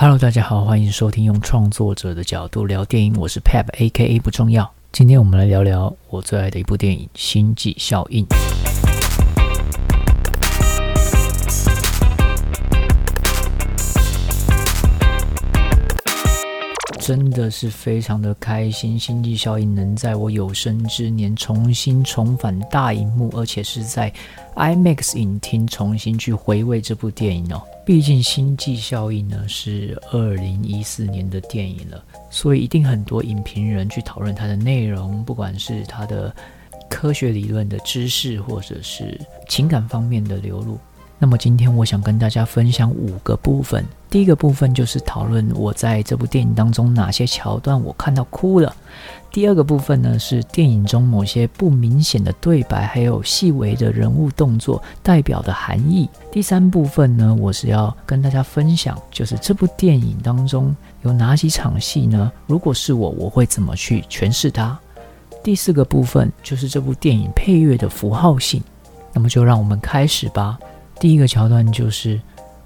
Hello，大家好，歡迎收聽用創作者的角度聊電影，我是 Pep，AKA 不重要。今天我們來聊聊我最愛的一部電影《星際效應》。真的是非常的開心，《星際效應》能在我有生之年重新重返大熒幕，而且是在 IMAX 影廳重新去回味這部電影哦。畢竟《星際效應》呢是二零一四年的電影了，所以一定很多影評人去討論它的內容，不管是它的科學理論的知識，或者是情感方面的流露。那麼今天我想跟大家分享五個部分。第一個部分就是討論我在這部電影當中哪些橋段我看到哭了。第二個部分呢是電影中某些不明顯的對白，還有細微的人物動作代表的含義。第三部分呢，我是要跟大家分享，就是這部電影當中有哪幾場戲呢？如果是我，我會怎麼去詮釋它？第四個部分就是這部電影配樂的符號性。那麼就讓我們開始吧。第一個橋段就是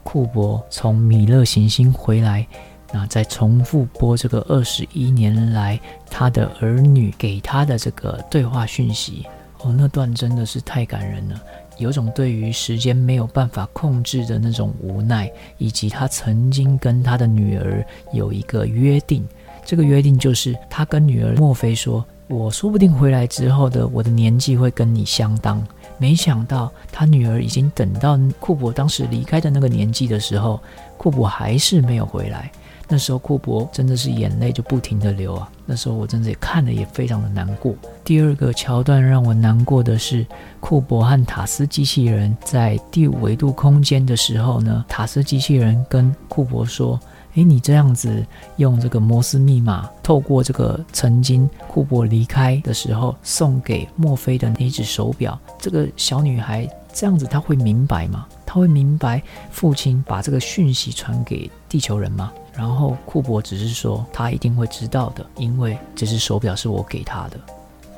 庫珀從米勒行星回來，那再重複播這個二十一年來他的兒女給他的這個對話訊息。哦，那段真的是太感人了，有種對於時間沒有辦法控制的那種無奈，以及他曾經跟他的女兒有一個約定，這個約定就是他跟女兒墨菲說，我說不定回來之後的我的年紀會跟你相當。沒想到他女兒已經等到庫珀當時離開的那個年紀的時候，庫珀還是沒有回來。那時候庫珀真的是眼淚就不停地流啊。那時候我真的也看了也非常的難過。第二個橋段讓我難過的是，庫珀和塔斯機器人在第五維度空間的時候呢，塔斯機器人跟庫珀說。誒，你這樣子用這個摩斯密碼，透過這個曾經庫珀離開的時候送給墨菲的那隻手錶，這個小女孩這樣子，她會明白嗎？她會明白父親把這個訊息傳給地球人嗎？然後庫珀只是說，他一定會知道的，因為這隻手錶是我給他的。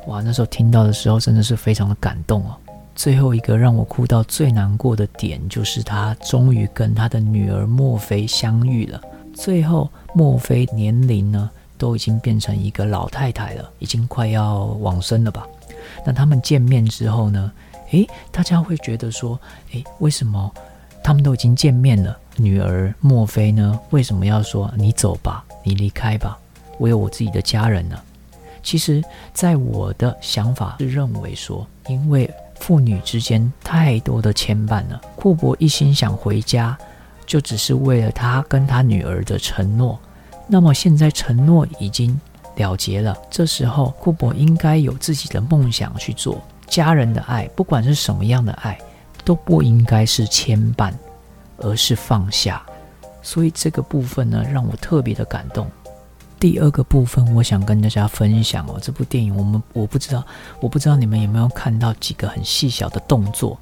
哇，那時候聽到的時候真的是非常的感動啊，哦！最後一個讓我哭到最難過的點，就是他終於跟他的女兒墨菲相遇了。最後，墨菲年齡呢都已經變成一個老太太了，已經快要往生了吧？那他們見面之後呢？誒，大家會覺得說，誒，為什麼他們都已經見面了，女兒墨菲呢，為什麼要說你走吧，你離開吧，我有我自己的家人呢？其實，在我的想法是認為說，因為父女之間太多的牽絆了，庫珀一心想回家。就只是為了他跟他女兒的承諾，那麼現在承諾已經了結了。這時候庫珀應該有自己的夢想去做。家人的愛，不管是什麼樣的愛，都不應該是牽絆，而是放下。所以這個部分呢，讓我特別的感動。第二個部分，我想跟大家分享哦，這部電影我們我不知道，我不知道你們有沒有看到幾個很細小的動作。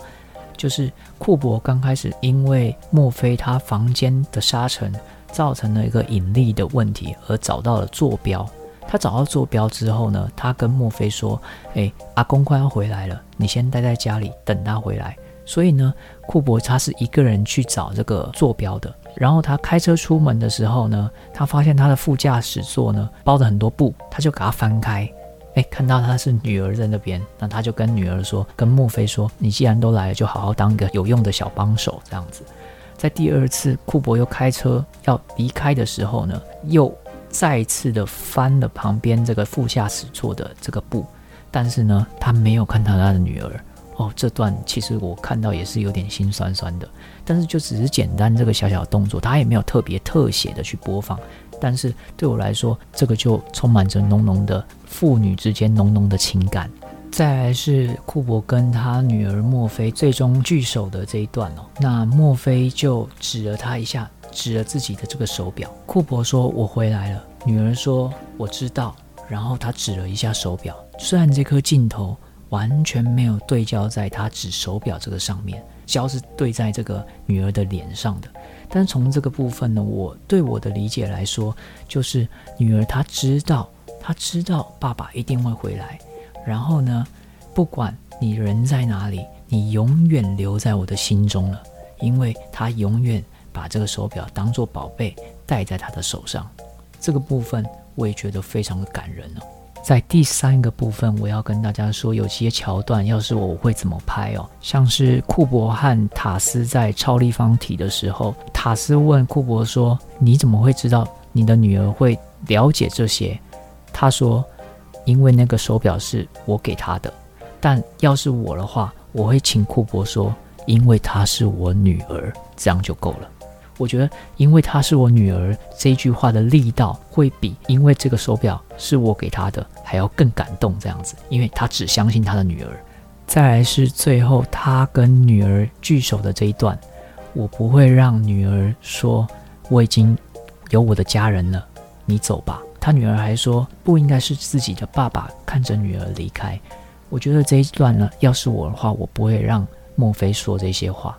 就是庫珀剛開始因為墨菲他房間的沙塵造成了一個引力的問題，而找到了坐標。他找到坐標之後呢，他跟墨菲說：“哎、欸，阿公快要回來了，你先待在家裡等他回來。”所以呢，庫珀他是一個人去找這個坐標的。然後他開車出門的時候呢，他發現他的副駕駛座呢包着很多布，他就給它翻開。誒，看到她是女兒在那邊，那他就跟女兒說，跟墨菲說：“你既然都來了，就好好當個有用的小幫手。”這樣子，在第二次庫珀又開車要離開的時候呢，又再次的翻了旁邊這個副駕駛座的這個布，但是呢，他沒有看到他的女兒。哦，這段其實我看到也是有點心酸酸的，但是就只是簡單這個小小動作，他也沒有特別特寫的去播放。但是對我來說，這個就充滿着濃濃的父女之間濃濃的情感。再來是庫珀跟他女兒墨菲最終聚首的這一段哦，那墨菲就指了他一下，指了自己的這個手表。庫珀說：“我回來了。”女兒說：“我知道。”然後他指了一下手表，雖然這顆鏡頭。完全沒有對焦在他指手錶這個上面，焦是對在這個女兒的臉上的。但從這個部分呢，我對我的理解來說，就是女兒她知道，她知道爸爸一定會回來。然後呢，不管你人在哪裡，你永遠留在我的心中了，因為她永遠把這個手錶當作寶貝戴在她的手上。這個部分我也覺得非常的感人了哦。在第三個部分，我要跟大家說，有些橋段，要是我，會怎麼拍哦？像是庫伯和塔斯在超立方體的時候，塔斯問庫伯說：“你怎麼會知道你的女兒會了解這些？”他說：“因為那個手表是我給他的。”但要是我的話，我會請庫伯說：“因為她是我女兒，這樣就夠了。”我覺得，因為她是我女兒，這句話的力道會比因為這個手錶是我給她的還要更感動這樣子。因為她只相信她的女兒。再來是最後他跟女兒聚首的這一段，我不會讓女兒說，我已經有我的家人了，你走吧。他女兒還說，不應該是自己的爸爸看着女兒離開。我覺得這一段呢，要是我的話，我不會讓墨菲說這些話，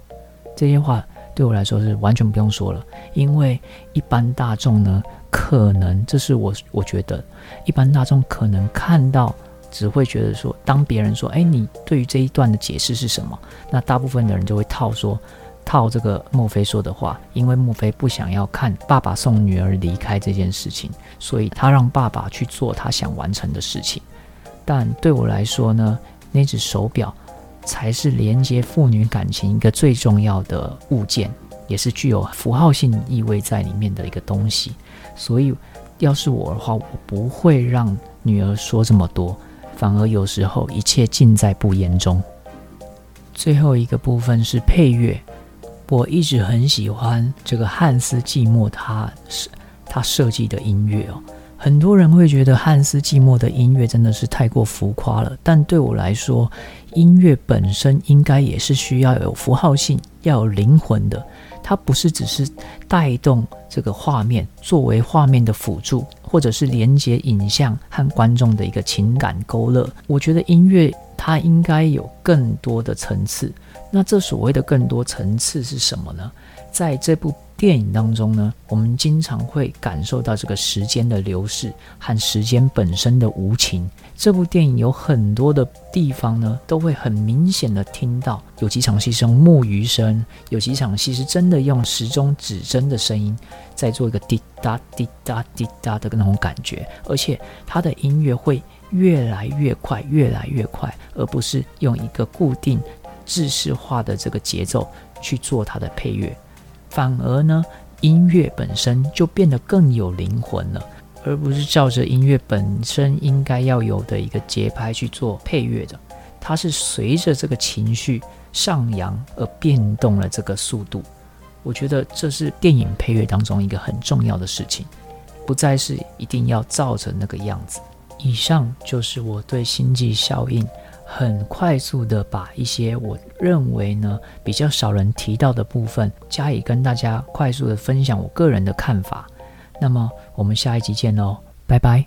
這些話。對我來說是完全不用說了，因為一般大眾呢，可能這是我我覺得一般大眾可能看到只會覺得說，當別人說，欸，你對於這一段的解釋是什麼？那大部分的人就會套說，套這個墨菲說的話，因為墨菲不想要看爸爸送女兒離開這件事情，所以他讓爸爸去做他想完成的事情。但對我來說呢，那只手表。才是連接父女感情一個最重要的物件，也是具有符號性意味在裡面的一個東西。所以，要是我的話，我不會讓女兒說這麼多，反而有時候一切盡在不言中。最後一個部分是配樂，我一直很喜歡這個漢斯季默，他設他設計的音樂哦。很多人會覺得漢斯季默的音樂真的是太過浮誇了，但對我來說，音樂本身應該也是需要有符號性、要有靈魂的。它不是只是帶動這個畫面作為畫面的輔助，或者是連接影像和觀眾的一個情感勾勒。我覺得音樂它應該有更多的層次。那這所謂的更多層次是什麼呢？在這部電影當中呢，我們經常會感受到這個時間的流逝和時間本身的無情。這部電影有很多的地方呢，都會很明顯的聽到有幾場戲是用木魚聲，有幾場戲是真的用時鐘指針的聲音在做一個滴答滴答滴答的那種感覺，而且它的音樂會越來越快，越來越快，而不是用一個固定、制式化的這個節奏去做它的配樂。反而呢，音樂本身就變得更有靈魂了，而不是照着音樂本身應該要有的一個節拍去做配樂的，它是隨着這個情緒上揚而變動了這個速度。我覺得這是電影配樂當中一個很重要的事情，不再是一定要照着那個樣子。以上就是我對星際效應。很快速的把一些我認為呢比較少人提到的部分，加以跟大家快速的分享我個人的看法。那麼我們下一集見嘍，拜拜。